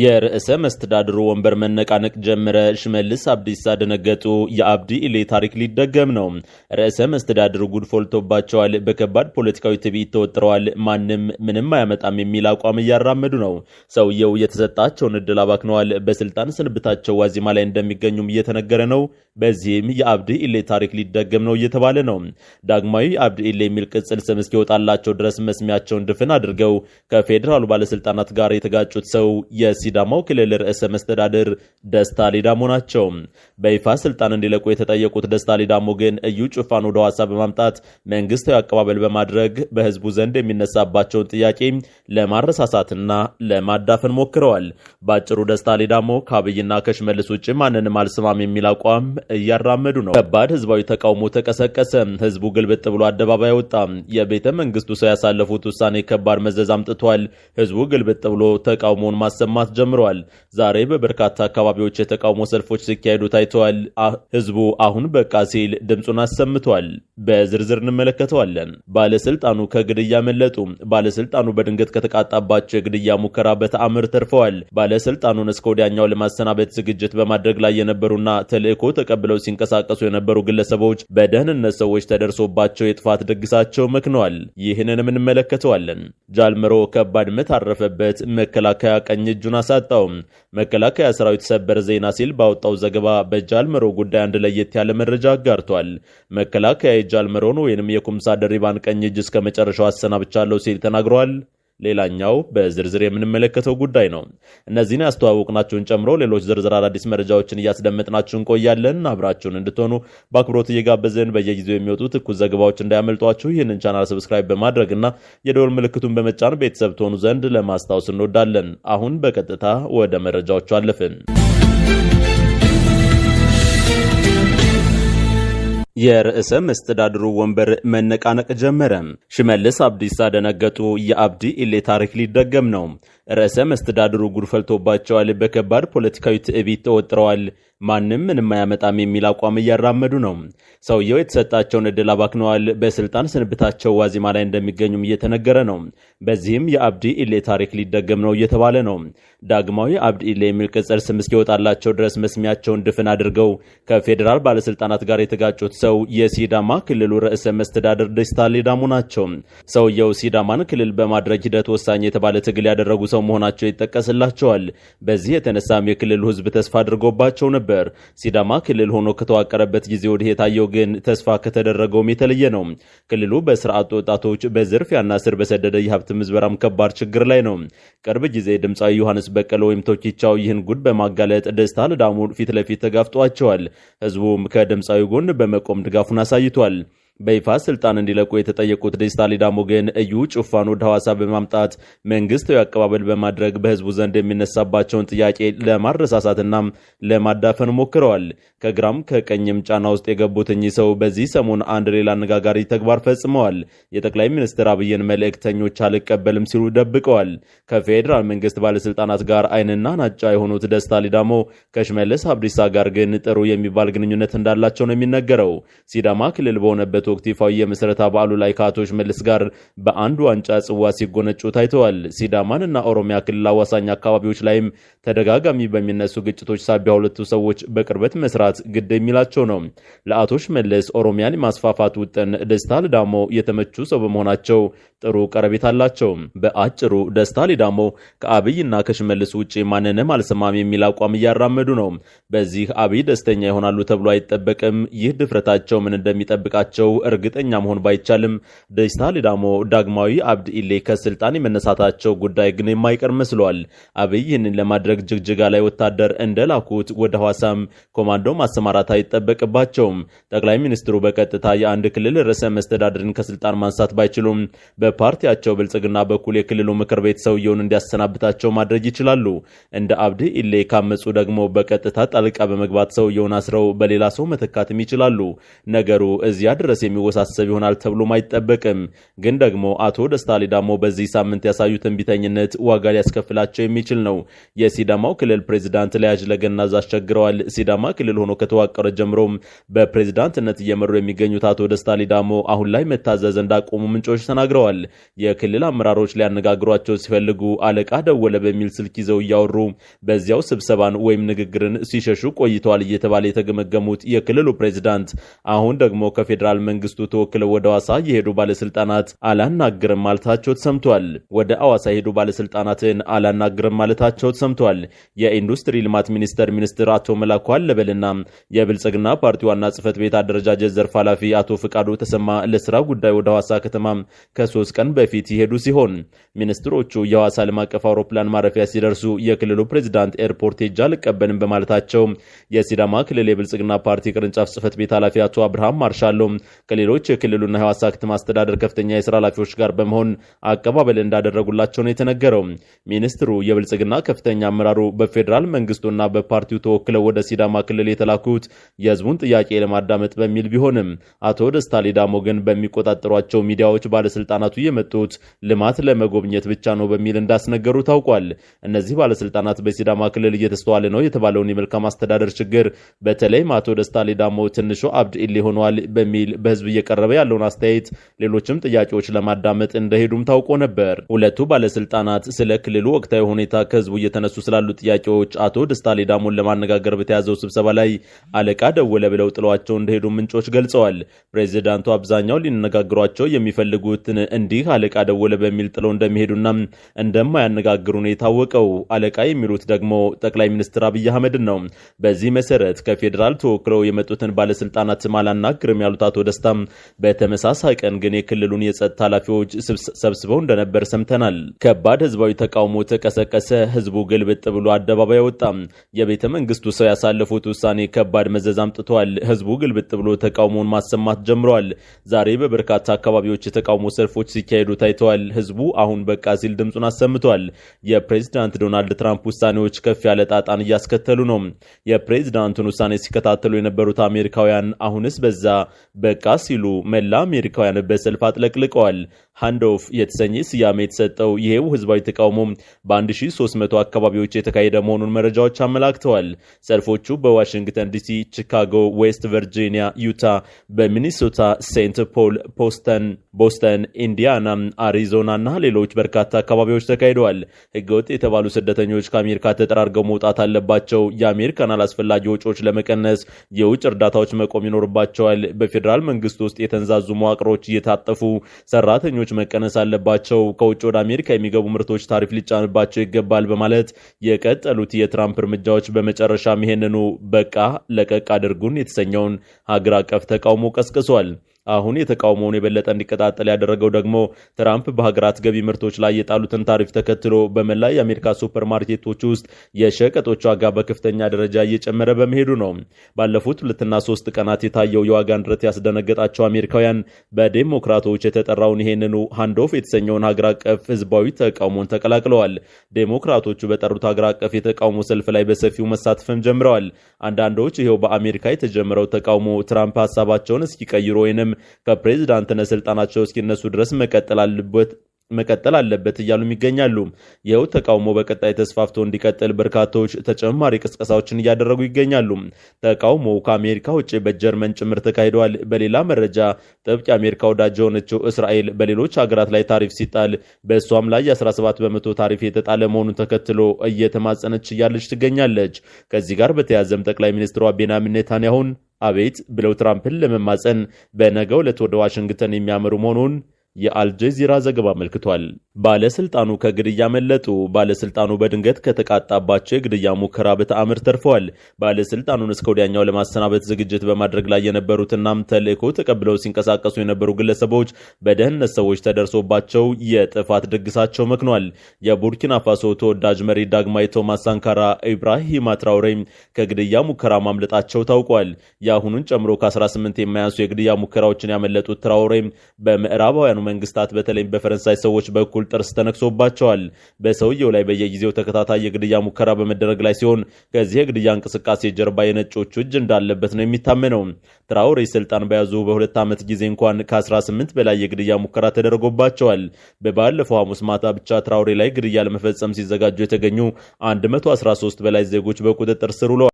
የርዕሰ መስተዳድሩ ወንበር መነቃነቅ ጀምረ ሽመልስ አብዲሳ ደነገጡ። የአብዲ ኢሌ ታሪክ ሊደገም ነው። ርዕሰ መስተዳድሩ ጉድ ፎልቶባቸዋል። በከባድ ፖለቲካዊ ትዕቢት ተወጥረዋል። ማንም ምንም አያመጣም የሚል አቋም እያራመዱ ነው። ሰውየው የተሰጣቸውን እድል አባክነዋል። በስልጣን ስንብታቸው ዋዜማ ላይ እንደሚገኙም እየተነገረ ነው። በዚህም የአብዲ ኢሌ ታሪክ ሊደገም ነው እየተባለ ነው። ዳግማዊ አብዲ ኢሌ የሚል ቅጽል ስም እስኪወጣላቸው ድረስ መስሚያቸውን ድፍን አድርገው ከፌዴራሉ ባለስልጣናት ጋር የተጋጩት ሰው የሲ የሲዳማው ክልል ርዕሰ መስተዳድር ደስታ ሊዳሞ ናቸው። በይፋ ስልጣን እንዲለቁ የተጠየቁት ደስታ ሊዳሞ ግን እዩ ጩፋን ወደ ሐዋሳ በማምጣት መንግስታዊ አቀባበል በማድረግ በህዝቡ ዘንድ የሚነሳባቸውን ጥያቄ ለማረሳሳትና ለማዳፈን ሞክረዋል። በአጭሩ ደስታ ሊዳሞ ከአብይና ከሽመልስ ውጭ ማንንም አልስማም የሚል አቋም እያራመዱ ነው። ከባድ ህዝባዊ ተቃውሞ ተቀሰቀሰ። ህዝቡ ግልብጥ ብሎ አደባባይ ወጣ። የቤተ መንግስቱ ሰው ያሳለፉት ውሳኔ ከባድ መዘዝ አምጥቷል። ህዝቡ ግልብጥ ብሎ ተቃውሞውን ማሰማት ጀምረዋል። ዛሬ በበርካታ አካባቢዎች የተቃውሞ ሰልፎች ሲካሄዱ ታይተዋል። ህዝቡ አሁን በቃ ሲል ድምፁን አሰምቷል። በዝርዝር እንመለከተዋለን። ባለስልጣኑ ከግድያ መለጡ። ባለስልጣኑ በድንገት ከተቃጣባቸው የግድያ ሙከራ በተአምር ተርፈዋል። ባለስልጣኑን እስከ ወዲያኛው ለማሰናበት ዝግጅት በማድረግ ላይ የነበሩና ተልዕኮ ተቀብለው ሲንቀሳቀሱ የነበሩ ግለሰቦች በደህንነት ሰዎች ተደርሶባቸው የጥፋት ድግሳቸው መክነዋል። ይህንንም እንመለከተዋለን። ጃልምሮ ከባድ ምት አረፈበት። መከላከያ ቀኝ እጁን መግለጫውን ሰጠው። መከላከያ ሰራዊት ሰበር ዜና ሲል ባወጣው ዘገባ በጃልመሮ ጉዳይ አንድ ለየት ያለ መረጃ አጋርቷል። መከላከያ የጃልመሮን ወይንም የኩምሳ ደሪባን ቀኝ እጅ እስከ መጨረሻው አሰናብቻለሁ ሲል ተናግሯል። ሌላኛው በዝርዝር የምንመለከተው ጉዳይ ነው። እነዚህን ያስተዋወቅናችሁን ጨምሮ ሌሎች ዝርዝር አዳዲስ መረጃዎችን እያስደመጥናችሁ እንቆያለን። አብራችሁን እንድትሆኑ በአክብሮት እየጋበዝን በየጊዜው የሚወጡ ትኩስ ዘገባዎች እንዳያመልጧችሁ ይህንን ቻናል ሰብስክራይብ በማድረግ እና የደወል ምልክቱን በመጫን ቤተሰብ ትሆኑ ዘንድ ለማስታወስ እንወዳለን። አሁን በቀጥታ ወደ መረጃዎቹ አለፍን። የርዕሰ መስተዳድሩ ወንበር መነቃነቅ ጀመረ። ሽመልስ አብዲሳ ደነገጡ። የአብዲ ኢሌ ታሪክ ሊደገም ነው። ርዕሰ መስተዳድሩ ጉድ ፈልቶባቸዋል። በከባድ ፖለቲካዊ ትዕቢት ተወጥረዋል። ማንም ምንም አያመጣም የሚል አቋም እያራመዱ ነው። ሰውየው የተሰጣቸውን እድል አባክነዋል። በስልጣን ስንብታቸው ዋዜማ ላይ እንደሚገኙም እየተነገረ ነው። በዚህም የአብዲ ኢሌ ታሪክ ሊደገም ነው እየተባለ ነው። ዳግማዊ አብዲ ኢሌ የሚል ቅጽል ስም እስኪወጣላቸው ድረስ መስሚያቸውን ድፍን አድርገው ከፌዴራል ባለስልጣናት ጋር የተጋጩት ሰው የሲዳማ ክልሉ ርዕሰ መስተዳድር ደስታ ሌዳሞ ናቸው። ሰውየው ሲዳማን ክልል በማድረግ ሂደት ወሳኝ የተባለ ትግል ያደረጉ ሰው መሆናቸው ይጠቀስላቸዋል። በዚህ የተነሳም የክልሉ ህዝብ ተስፋ አድርጎባቸው ነበር። ሲዳማ ክልል ሆኖ ከተዋቀረበት ጊዜ ወዲህ የታየው ግን ተስፋ ከተደረገውም የተለየ ነው። ክልሉ በስርዓት ወጣቶች በዝርፊያና ስር በሰደደ የሀብት ምዝበራም ከባድ ችግር ላይ ነው። ቅርብ ጊዜ ድምፃዊ ዮሐንስ በቀለ ወይም ቶኪቻው ይህን ጉድ በማጋለጥ ደስታ ልዳሙ ፊት ለፊት ተጋፍጧቸዋል። ህዝቡም ከድምፃዊ ጎን በመቆም ድጋፉን አሳይቷል። በይፋ ስልጣን እንዲለቁ የተጠየቁት ደስታ ሌዳሞ ግን እዩ ጩፋን ወደ ሐዋሳ በማምጣት መንግስታዊ አቀባበል በማድረግ በህዝቡ ዘንድ የሚነሳባቸውን ጥያቄ ለማረሳሳትና ለማዳፈን ሞክረዋል። ከግራም ከቀኝም ጫና ውስጥ የገቡት እኚህ ሰው በዚህ ሰሞን አንድ ሌላ አነጋጋሪ ተግባር ፈጽመዋል። የጠቅላይ ሚኒስትር አብይን መልእክተኞች አልቀበልም ሲሉ ደብቀዋል። ከፌዴራል መንግስት ባለስልጣናት ጋር አይንና ናጫ የሆኑት ደስታ ሊዳሞ ከሽመልስ አብዲሳ ጋር ግን ጥሩ የሚባል ግንኙነት እንዳላቸው ነው የሚነገረው። ሲዳማ ክልል በሆነበት ወቅት ይፋዊ የምስረታ በዓሉ ላይ ከአቶ ሽመልስ ጋር በአንድ ዋንጫ ጽዋ ሲጎነጩ ታይተዋል። ሲዳማንና ኦሮሚያ ክልል አዋሳኝ አካባቢዎች ላይም ተደጋጋሚ በሚነሱ ግጭቶች ሳቢያ ሁለቱ ሰዎች በቅርበት መስራት ማስፋፋት ግድ የሚላቸው ነው። ለአቶ ሽመልስ ኦሮሚያን የማስፋፋት ውጥን ደስታ ልዳሞ የተመቹ ሰው በመሆናቸው ጥሩ ቀረቤት አላቸው። በአጭሩ ደስታ ልዳሞ ከአብይና ከሽመልስ ውጭ ማንንም አልሰማም የሚል አቋም እያራመዱ ነው። በዚህ አብይ ደስተኛ ይሆናሉ ተብሎ አይጠበቅም። ይህ ድፍረታቸው ምን እንደሚጠብቃቸው እርግጠኛ መሆን ባይቻልም ደስታ ሊዳሞ ዳግማዊ አብድ ኢሌ ከስልጣን የመነሳታቸው ጉዳይ ግን የማይቀር መስሏል። አብይ ይህንን ለማድረግ ጅግጅጋ ላይ ወታደር እንደላኩት ወደ ሐዋሳም ኮማንዶ ማሰማራት አይጠበቅባቸውም። ጠቅላይ ሚኒስትሩ በቀጥታ የአንድ ክልል ርዕሰ መስተዳድርን ከስልጣን ማንሳት ባይችሉም በፓርቲያቸው ብልጽግና በኩል የክልሉ ምክር ቤት ሰውየውን እንዲያሰናብታቸው ማድረግ ይችላሉ። እንደ አብዲ ኢሌ ካመፁ ደግሞ በቀጥታ ጣልቃ በመግባት ሰውየውን አስረው በሌላ ሰው መተካትም ይችላሉ። ነገሩ እዚያ ድረስ የሚወሳሰብ ይሆናል ተብሎም አይጠበቅም። ግን ደግሞ አቶ ደስታ ሌዳሞ በዚህ ሳምንት ያሳዩ ትንቢተኝነት ዋጋ ሊያስከፍላቸው የሚችል ነው። የሲዳማው ክልል ፕሬዚዳንት ለያጅ ለገናዝ አስቸግረዋል። ሲዳማ ክልል ሆኖ ከተዋቀረ ጀምሮ በፕሬዝዳንትነት እየመሩ የሚገኙት አቶ ደስታ ሊዳሞ አሁን ላይ መታዘዝ እንዳቆሙ ምንጮች ተናግረዋል። የክልል አመራሮች ሊያነጋግሯቸው ሲፈልጉ አለቃ ደወለ በሚል ስልክ ይዘው እያወሩ በዚያው ስብሰባን ወይም ንግግርን ሲሸሹ ቆይተዋል እየተባለ የተገመገሙት የክልሉ ፕሬዝዳንት አሁን ደግሞ ከፌዴራል መንግስቱ ተወክለው ወደ አዋሳ የሄዱ ባለስልጣናት አላናግርም ማለታቸው ተሰምቷል። ወደ አዋሳ የሄዱ ባለስልጣናትን አላናግርም ማለታቸው ተሰምቷል። የኢንዱስትሪ ልማት ሚኒስቴር ሚኒስትር አቶ መላኩ አለበልና የብልጽግና ፓርቲ ዋና ጽህፈት ቤት አደረጃጀት ዘርፍ ኃላፊ አቶ ፍቃዱ ተሰማ ለስራ ጉዳይ ወደ ሐዋሳ ከተማ ከሶስት ቀን በፊት ይሄዱ ሲሆን ሚኒስትሮቹ የሐዋሳ ዓለም አቀፍ አውሮፕላን ማረፊያ ሲደርሱ የክልሉ ፕሬዚዳንት ኤርፖርት ሄጄ አልቀበልም በማለታቸው የሲዳማ ክልል የብልጽግና ፓርቲ ቅርንጫፍ ጽህፈት ቤት ኃላፊ አቶ አብርሃም ማርሻሎ ከሌሎች የክልሉና የሐዋሳ ከተማ አስተዳደር ከፍተኛ የስራ ኃላፊዎች ጋር በመሆን አቀባበል እንዳደረጉላቸው ነው የተነገረው። ሚኒስትሩ የብልጽግና ከፍተኛ አመራሩ በፌዴራል መንግስቱና በፓርቲው ተወክለው ወደ ሲዳማ ክልል የተላኩት የህዝቡን ጥያቄ ለማዳመጥ በሚል ቢሆንም አቶ ደስታ ሌዳሞ ግን በሚቆጣጠሯቸው ሚዲያዎች ባለስልጣናቱ የመጡት ልማት ለመጎብኘት ብቻ ነው በሚል እንዳስነገሩ ታውቋል። እነዚህ ባለስልጣናት በሲዳማ ክልል እየተስተዋለ ነው የተባለውን የመልካም አስተዳደር ችግር በተለይም አቶ ደስታ ሌዳሞ ትንሹ አብድ ኢሌ ሆኗል በሚል በህዝብ እየቀረበ ያለውን አስተያየት፣ ሌሎችም ጥያቄዎች ለማዳመጥ እንደሄዱም ታውቆ ነበር። ሁለቱ ባለስልጣናት ስለ ክልሉ ወቅታዊ ሁኔታ ከህዝቡ እየተነሱ ስላሉ ጥያቄዎች አቶ ደስታ ሌዳሞን ለማነጋገር በተያዘው ስብሰባ ላይ አለቃ ደወለ ብለው ጥለዋቸው እንደሄዱ ምንጮች ገልጸዋል። ፕሬዚዳንቱ አብዛኛው ሊነጋግሯቸው የሚፈልጉትን እንዲህ አለቃ ደወለ በሚል ጥለው እንደሚሄዱና እንደማያነጋግሩ ነው የታወቀው። አለቃ የሚሉት ደግሞ ጠቅላይ ሚኒስትር አብይ አህመድን ነው። በዚህ መሰረት ከፌዴራል ተወክለው የመጡትን ባለስልጣናት አላናግርም ያሉት አቶ ደስታ በተመሳሳይ ቀን ግን የክልሉን የጸጥታ ኃላፊዎች ሰብስበው እንደነበር ሰምተናል። ከባድ ህዝባዊ ተቃውሞ ተቀሰቀሰ። ህዝቡ ግልብጥ ብሎ አደባባይ ወጣ። የቤተ መንግስቱ ሰው ያሳለፉት ውሳኔ ከባድ መዘዝ አምጥተዋል። ህዝቡ ግልብጥ ብሎ ተቃውሞውን ማሰማት ጀምረዋል። ዛሬ በበርካታ አካባቢዎች የተቃውሞ ሰልፎች ሲካሄዱ ታይተዋል። ህዝቡ አሁን በቃ ሲል ድምፁን አሰምቷል። የፕሬዚዳንት ዶናልድ ትራምፕ ውሳኔዎች ከፍ ያለ ጣጣን እያስከተሉ ነው። የፕሬዚዳንቱን ውሳኔ ሲከታተሉ የነበሩት አሜሪካውያን አሁንስ በዛ በቃ ሲሉ መላ አሜሪካውያን በሰልፍ አጥለቅልቀዋል። ሃንዶፍ የተሰኘ ስያሜ የተሰጠው ይሄው ህዝባዊ ተቃውሞ በ1300 አካባቢዎች የተካሄደ መሆኑን መረጃዎች አመላክተዋል። ሰልፎቹ በዋሽንግተን ዲሲ፣ ቺካጎ፣ ዌስት ቨርጂኒያ፣ ዩታ፣ በሚኒሶታ፣ ሴንት ፖል፣ ፖስተን፣ ቦስተን፣ ኢንዲያና፣ አሪዞና እና ሌሎች በርካታ አካባቢዎች ተካሂደዋል። ህገወጥ የተባሉ ስደተኞች ከአሜሪካ ተጠራርገው መውጣት አለባቸው። የአሜሪካን አላስፈላጊ ወጪዎች ለመቀነስ የውጭ እርዳታዎች መቆም ይኖርባቸዋል። በፌዴራል መንግስት ውስጥ የተንዛዙ መዋቅሮች እየታጠፉ ሰራተኞች ቀናቶች መቀነስ አለባቸው፣ ከውጭ ወደ አሜሪካ የሚገቡ ምርቶች ታሪፍ ሊጫንባቸው ይገባል በማለት የቀጠሉት የትራምፕ እርምጃዎች በመጨረሻም ይሄንኑ በቃ ለቀቅ አድርጉን የተሰኘውን ሀገር አቀፍ ተቃውሞ ቀስቅሷል። አሁን የተቃውሞውን የበለጠ እንዲቀጣጠል ያደረገው ደግሞ ትራምፕ በሀገራት ገቢ ምርቶች ላይ የጣሉትን ታሪፍ ተከትሎ በመላ የአሜሪካ ሱፐር ማርኬቶች ውስጥ የሸቀጦች ዋጋ በከፍተኛ ደረጃ እየጨመረ በመሄዱ ነው። ባለፉት ሁለትና ሶስት ቀናት የታየው የዋጋ ንረት ያስደነገጣቸው አሜሪካውያን በዴሞክራቶች የተጠራውን ይሄንኑ ሃንዶፍ የተሰኘውን ሀገር አቀፍ ህዝባዊ ተቃውሞን ተቀላቅለዋል። ዴሞክራቶቹ በጠሩት ሀገር አቀፍ የተቃውሞ ሰልፍ ላይ በሰፊው መሳተፍም ጀምረዋል። አንዳንዶች ይኸው በአሜሪካ የተጀመረው ተቃውሞ ትራምፕ ሀሳባቸውን እስኪቀይሩ ወይንም ከፕሬዚዳንትነት ስልጣናቸው እስኪነሱ ድረስ መቀጠል አለበት መቀጠል አለበት እያሉም ይገኛሉ። የው ተቃውሞ በቀጣይ ተስፋፍቶ እንዲቀጥል በርካታዎች ተጨማሪ ቅስቀሳዎችን እያደረጉ ይገኛሉ። ተቃውሞው ከአሜሪካ ውጭ በጀርመን ጭምር ተካሂደዋል። በሌላ መረጃ ጥብቅ የአሜሪካ ወዳጅ የሆነችው እስራኤል በሌሎች ሀገራት ላይ ታሪፍ ሲጣል በእሷም ላይ የ17 በመቶ ታሪፍ የተጣለ መሆኑን ተከትሎ እየተማጸነች እያለች ትገኛለች። ከዚህ ጋር በተያያዘም ጠቅላይ ሚኒስትሯ ቤንያሚን ኔታንያሁን አቤት ብለው ትራምፕን ለመማፀን በነገው ዕለት ወደ ዋሽንግተን የሚያመሩ መሆኑን የአልጀዚራ ዘገባ አመልክቷል። ባለስልጣኑ ከግድያ መለጡ። ባለስልጣኑ በድንገት ከተቃጣባቸው የግድያ ሙከራ በተአምር ተርፈዋል። ባለስልጣኑን እስከ ወዲያኛው ለማሰናበት ዝግጅት በማድረግ ላይ የነበሩትናም ተልእኮ ተቀብለው ሲንቀሳቀሱ የነበሩ ግለሰቦች በደህንነት ሰዎች ተደርሶባቸው የጥፋት ድግሳቸው መክኗል። የቡርኪና ፋሶ ተወዳጅ መሪ ዳግማዊ ቶማስ ሳንካራ ኢብራሂም ትራውሬ ከግድያ ሙከራ ማምለጣቸው ታውቋል። የአሁኑን ጨምሮ ከ18 የማያንሱ የግድያ ሙከራዎችን ያመለጡት ትራውሬ በምዕራባውያኑ መንግስታት በተለይም በፈረንሳይ ሰዎች በኩል ጥርስ ተነክሶባቸዋል። በሰውየው ላይ በየጊዜው ተከታታይ የግድያ ሙከራ በመደረግ ላይ ሲሆን ከዚህ የግድያ እንቅስቃሴ ጀርባ የነጮቹ እጅ እንዳለበት ነው የሚታመነው። ትራውሬ ስልጣን በያዙ በሁለት ዓመት ጊዜ እንኳን ከ18 በላይ የግድያ ሙከራ ተደርጎባቸዋል። በባለፈው ሐሙስ ማታ ብቻ ትራውሬ ላይ ግድያ ለመፈጸም ሲዘጋጁ የተገኙ 113 በላይ ዜጎች በቁጥጥር ስር ውለዋል።